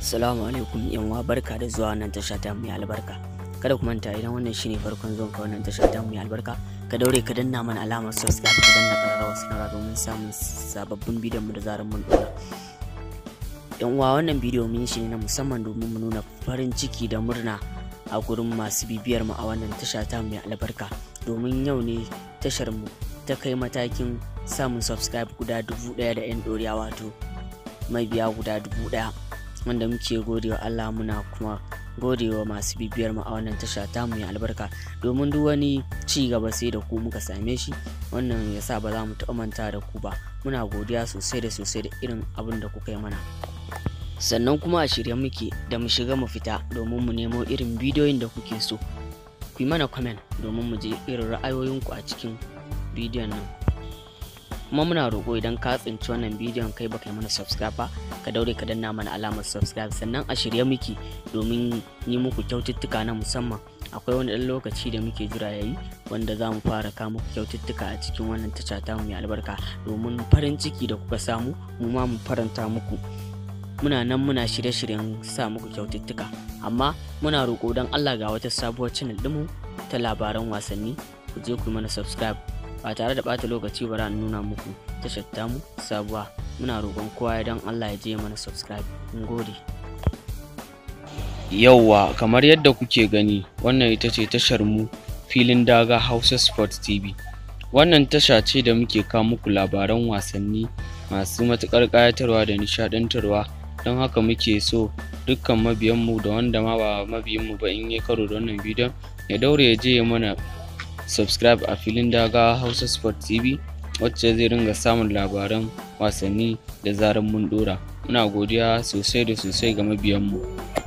Assalamu alaikum wa, barka da zuwa wannan tasha ta mu albarka. Kada ku manta idan wannan shine farkon zuwan ka wannan tasha ta mu albarka, ka daure ka danna mana alamar subscribe ka danna kararrawa sanarwa domin samun sababbin bidiyon mu da zarar mun dora. Yan uwa wannan bidiyo mun shi ne na musamman domin mu nuna farin ciki da murna a gurin masu bibiyar mu a wannan tasha ta mu albarka domin yau ne tashar mu ta kai matakin samun subscribe guda dubu ɗaya da 'yan doriya wato mabiya guda dubu ɗaya. wanda muke godewa Allah muna kuma godewa masu bibiyar mu a wannan tasha ta mu albarka domin duk wani ci gaba sai da ku muka same shi wannan ya sa ba za mu taɓa manta da ku ba muna godiya sosai da sosai da irin abin da kuka yi mana sannan kuma a shirye muke da mu shiga mu fita domin mu nemo irin bidiyoyin da kuke so ku yi mana kwamen domin mu je irin ra'ayoyinku a cikin bidiyon nan kuma muna roƙo idan ka tsinci wannan bidiyon kai baka yi mana subscribe ba ka daure ka danna mana alamar subscribe sannan a shirye muke domin yi muku kyaututtuka na musamman akwai wani ɗan lokaci da muke jira yayi wanda za mu fara kama kyaututtuka a cikin wannan tasha ta mu albarka domin farin ciki da kuka samu mu ma mu faranta muku muna nan muna shirye-shiryen sa muku kyaututtuka amma muna roƙo don allah ga wata sabuwar channel ɗinmu ta labaran wasanni ku je ku yi mana subscribe ba tare da ɓata lokaci bara in nuna muku tashar mu sabuwa muna roƙon kowa don allah ya je mana subscribe mun gode yauwa kamar yadda kuke gani wannan ita ce tashar mu filin daga hausa sports tv wannan tasha ce da muke kawo muku labaran wasanni masu matukar ƙayatarwa da nishaɗantarwa don haka muke so dukkan mabiyanmu da wanda ma ba mabiyanmu ba in ya karo da wannan bidiyon ya daure ya je mana subscribe a filin daga Hausa Sport TV wacce zai ringa samun labaran wasanni da zarar mun dora. Muna godiya sosai da sosai ga mabiyanmu.